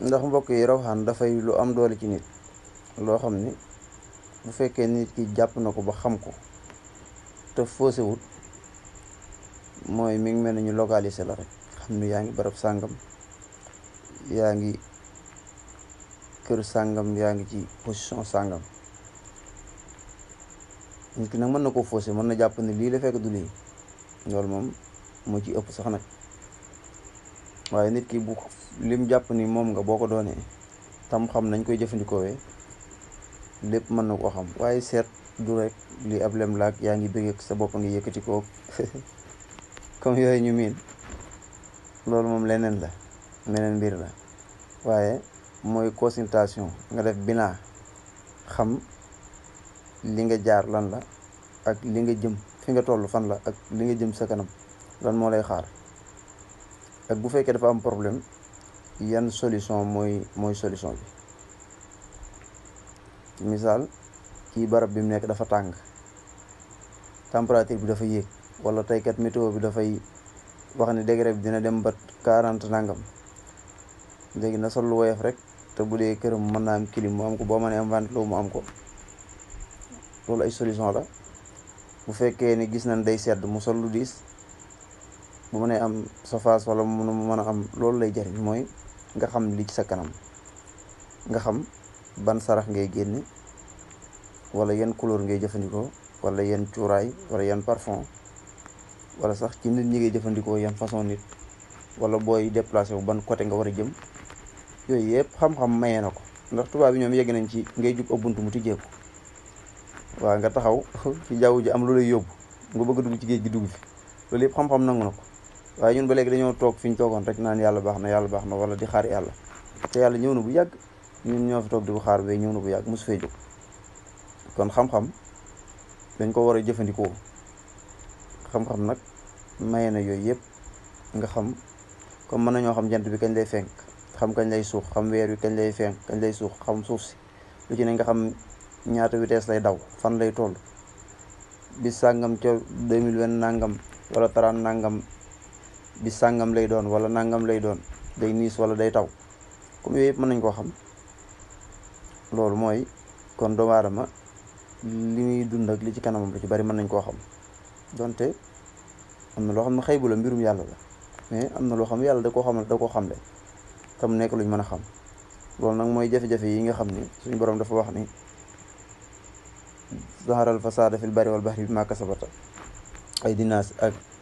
ndax mbokk yi rawxaan dafay lu am doole ci nit loo xam ni bu fekkee nit ki jàpp na ko ba xam ko te foosewut mooy mi ngi mel ni ñu localisé la rek xam ni yaa ngi barab sàngam yaa ngi kër sàngam yaa ngi ci position sàngam nit ki nag mën na koo foosé mën na jàpp ni lii la fekk du lii loolu moom moo ci ëpp sax nag waaye nit ki bu lim jàpp ni moom nga boo ko doonee tam xam nañ koy jëfandikoowee lépp mën na koo xam waaye seet du rek li ab lem laag yaa ngi bëgg sa bopp ngi yëkkati koo comme yooyu ñu miin loolu moom leneen la meneen mbir la waaye mooy consultation nga def binaa xam li nga jaar lan la ak li nga jëm fi nga toll fan la ak li nga jëm sa kanam lan moo lay xaar ak bu fekkee dafa am problème yan solution mooy mooy solution bi ci misaal kii barab bi mu nekk dafa tàng température bi dafa yéeg wala tey kat météo bi dafay wax ni degré bi dina dem ba quarante nangam léegi na sol lu woyof rek te bu dee këram mën naa am clim mu am ko boo am mu am ko loolu ay solution la bu fekkee ni gis nañ day sedd mu sol lu diis bu mënee am surface wala mu mën am loolu lay jariñ mooy nga xam li ci sa kanam nga xam ban sarax ngay génne wala yan couleur ngay jëfandikoo wala yan cuuraay wala yan parfum wala sax ci nit ñi ngay jëfandikoo yan façon nit wala booy déplacé ban côté nga war a jëm yooyu yëpp xam-xam mayee na ko ndax tubaab bi ñoom yegg nañ ci ngay jug ubuntu mu tijjee ko waaw nga taxaw ci jaww ji am lu lay yóbbu nga bëgg dugg ci géej gi dugg fi loolu xam-xam nangu na waaye ñun ba léegi dañoo toog fi ñu toogoon rek naan yàlla baax na yàlla baax na wala di xaar yàlla te yàlla ñëw na bu yàgg ñun ñoo fi toog di ko xaar bee ñëw na bu yàgg mosu fee jóg kon xam-xam dañ ko war a jëfandikoo xam-xam nag maye na yooyu yëpp nga xam comme mën nañoo xam jant bi kañ lay fenk xam kañ lay suux xam weer wi kañ lay fenk kañ lay suux xam suuf si lu ci ne nga xam ñaata vitesse lay daw fan lay toll bis sàngam ca 2020 nangam wala bi sàngam lay doon wala nangam lay doon day niis wala day taw comme yooyu yëpp mën nañ koo xam loolu mooy kon doomu aadama li muy dund ak li ci kanamam lu ci bari mën nañ koo xam donte am na loo xam ne xëy la mbirum yàlla la mais am na loo xam yàlla da koo xamal da koo xam te mu nekk luñ mën a xam loolu nag mooy jafe-jafe yi nga xam ni suñu borom dafa wax ni zaharal fasaada fil barri wal bahri bi ma kasabata ay dinaas ak